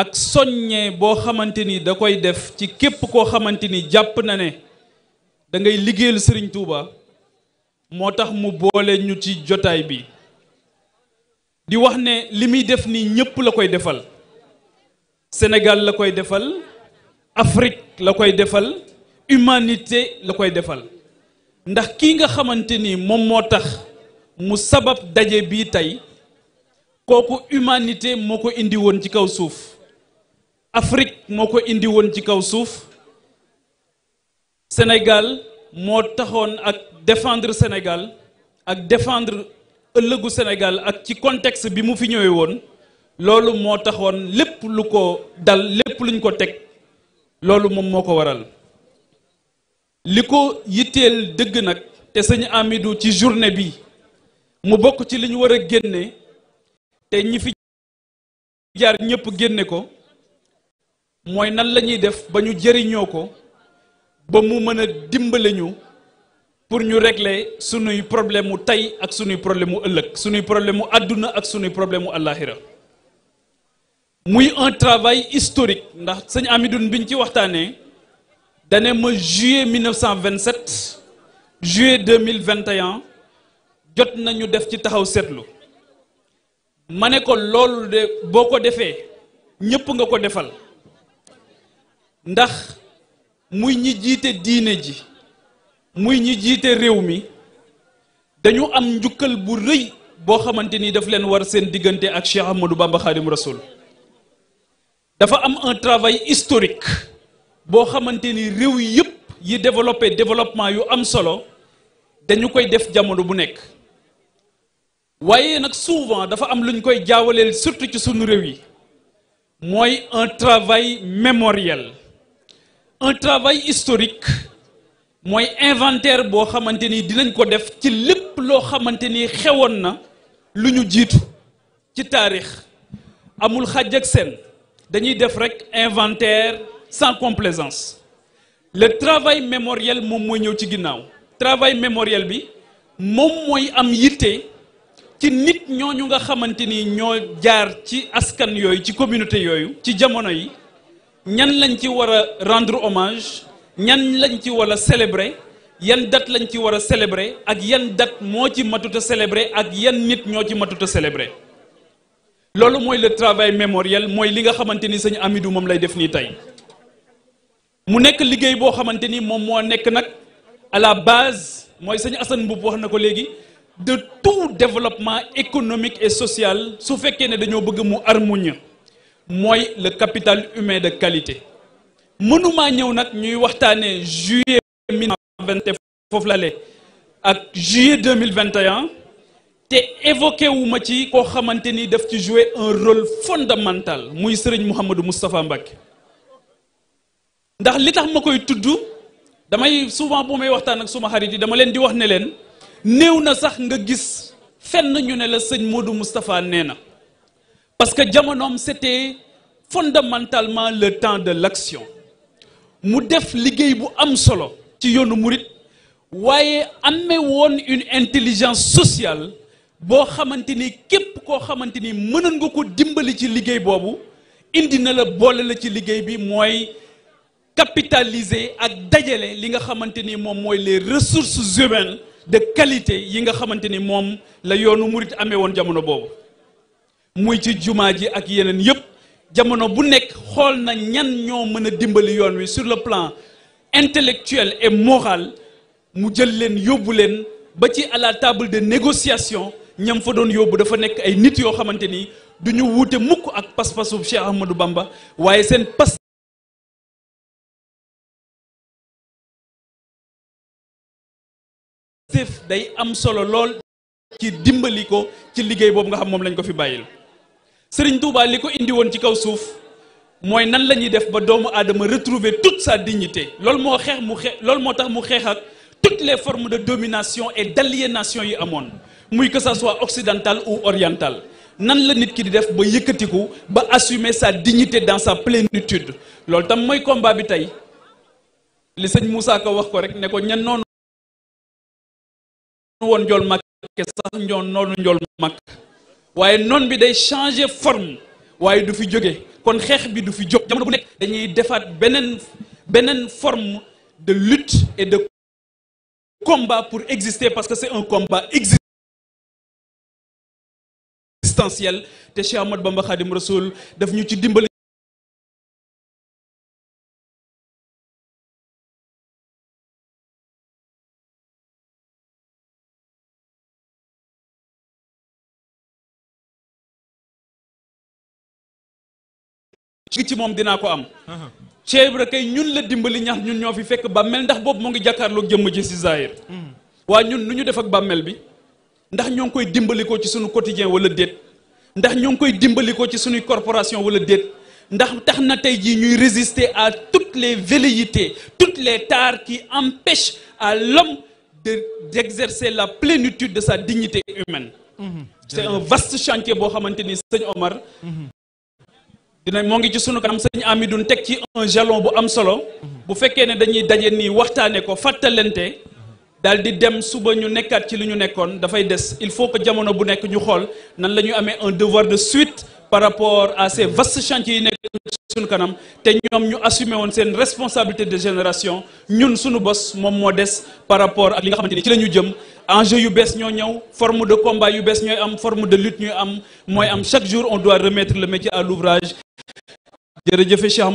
ak soññee boo xamante ni da koy def ci képp koo xamante ni jàpp na ne dangay ngay liggéeyal Serigne Touba moo tax mu boole ñu ci jotaay bi di wax ne li muy def nii ñëpp la koy defal senegal la koy defal Afrique la koy defal humanité la koy defal ndax kii nga xamante ni moom moo tax mu sabab daje bi tey kooku humanité moo ko indi woon ci kaw suuf Afrique moo ko indi woon ci kaw suuf Sénégal moo taxoon ak défendre Sénégal ak défendre ëllëgu Sénégal ak ci contexte bi mu fi ñëwee woon loolu moo taxoon lépp lu ko dal lépp luñ ko teg loolu moom moo ko waral li ko yitteel dëgg nag te sëñ Amidou ci journée bi mu bokk ci li ñu war a génne te ñi fi jaar ñëpp génne ko mooy nan la ñuy def ba ñu jëriñoo ko ba mu mën a dimbale ñu pour ñu régler sunuy problème mu tey ak sunuy problème mu ëllëg sunuy problème mu àdduna ak sunuy problème mu àllaaxira muy un travail historique ndax sëñ Amidoune bi ñu ci waxtaanee dane ma juillet 1927 juillet 2021 jot nañu def ci taxaw seetlu ma ne ko loolu de boo ko defee ñëpp nga ko defal ndax muy ñi jiite diine ji muy ñi jiite réew mi dañu am njukkal bu rëy boo xamante ni daf leen war seen diggante ak Cheikh Ahmadou Bamba Khadim Rasoul dafa am un travail historique boo xamante ni réew yëpp yi développé développement yu am solo dañu koy def jamono bu nekk waaye nag souvent dafa am luñ koy jaawaleel surtout ci sunu réew yi mooy un travail mémoriel un travail historique mooy inventaire boo xamante ni dinañ ko def ci lépp loo xamante ni xewoon na lu ñu jiitu ci taarix amul xàjj ak seen dañuy def rek inventaire sans complaisance le travail mémoriel moom mooy ñëw ci ginnaaw travail mémoriel bi moom mooy am yitte ci nit ñooñu nga xamante ni ñoo jaar ci askan yooyu ci communauté yooyu ci jamono yi ñan lañ ci war a rendre hommage ñan lañ ci war a célébrer yan date lañ ci war a célébrer ak yan date moo ci matuta célébrer ak yan nit ñoo ci matuta célébrer loolu mooy le travail mémoriel mooy li nga xamante ni sëñ Amidou moom lay def nii tey mu nekk liggéey boo xamante ni moom moo nekk nag à la base mooy sëñ Assane Mboup wax na ko léegi de tout développement économique et social su fekkee ne dañoo bëgg mu harmonieux mooy le capitale humain de qualité mënumaa ñëw nag ñuy waxtaanee juillet mille vingt foofu la ak juillet deux mille vingt et te évoqué wu ma ci koo xamante ni def ci jouer un rôle fondamental muy sëriñ Mouhamadou Moustapha Mbacké ndax li tax ma koy tudd damay souvent bu may waxtaan ak suma xarit yi dama leen di wax ne leen néew na sax nga gis fenn ñu ne la sëñ Modou Moustapha nee na. parce que jamonoom c'était fondamentalement le temps de l'action mu def liggéey bu am solo ci yoonu murit waaye amee woon une intelligence sociale boo xamante ni képp koo xamante ni mënoon nga ko dimbali ci liggéey boobu indi na la boole la ci liggéey bi mooy capitaliser ak dajale li nga xamante ni moom mooy les ressources humaines de qualité yi nga xamante ni moom la yoonu murit amee woon jamono boobu muy ci jumaa ji ak yeneen yëpp jamono bu nekk xool na ñan ñoo mën a dimbali yoon wi sur le plan intellectuelle et moral mu jël leen yóbbu leen ba ci à la table de négociation ñam fa doon yóbbu dafa nekk ay nit yoo xamante ni du ñu wuute mukk ak pas-pasu Cheikh Ahmadou Bamba waaye seen pas day am solo lool ci dimbali ko ci liggéey boobu nga xam moom lañ ko fi bàyyil Sëriñ Tuubaa li ko indi woon ci kaw suuf mooy nan la ñuy def ba doomu aadama retrouver toute sa dignité loolu moo xeex mu xeex loolu moo tax mu xeex ak toutes les formes de domination et d'aliénation yi amoon muy que ça soit occidental ou oriental nan la nit ki di def ba yëkkatiku ba assumer sa dignité dans sa plénitude loolu tam mooy combat bi tey li sañ Moussa ko wax ko rek ne ko ñan noonu woon njool màkk sax noonu njool màkk waaye noon bi day changer forme waaye du fi jóge kon xeex bi du fi jóg jamono bu nekk dañuy defaat beneen beneen forme de lutte et de combat pour exister parce que c'est un combat existentiel te Cheikh Ahmadou Bamba Khadim Rasoul daf ñu ci dimbali ci moom dinaa ko am Cheikh Ibra kay ñun la dimbali ñax ñun ñoo fi fekk bàmmeel ndax boobu mu ngi jàkkaarloog jëmm ji si zahir waa ñun nu ñu def ak bàmmeel bi ndax ñoo ngi koy dimbalikoo ci suñu quotidien wala déet ndax ñoo ngi koy dimbalikoo ci suñuy corporation wala déet ndax tax na tey jii ñuy résister à toutes les velléités toutes les tares qui empêchent à l'homme de d'exercer la plénitude de sa dignité humaine mhm. c'est un vaste chantier boo xamante ni sëñ Omar mhm. dina moo ngi ci sunu kanam sëñ Amidoune teg ci un jalon bu am solo bu fekkee ne dañuy daje nii waxtaanee ko fàttalante daal di dem suba ñu nekkaat ci lu ñu nekkoon dafay des il faut que jamono bu nekk ñu xool nan la ñu amee un devoir de suite par rapport à ces vastes chantiers yi nekk suñu kanam te ñoom ñu assumé woon seen responsabilité de génération ñun suñu bos moom moo des par rapport ak li nga xamante ni ci la ñu jëm enjeu yu bees ñoo ñëw forme de combat yu bees ñooy am forme de lutte ñooy am mooy am chaque jour on doit remettre le métier à l'ouvrage jërëjëfe Cheikh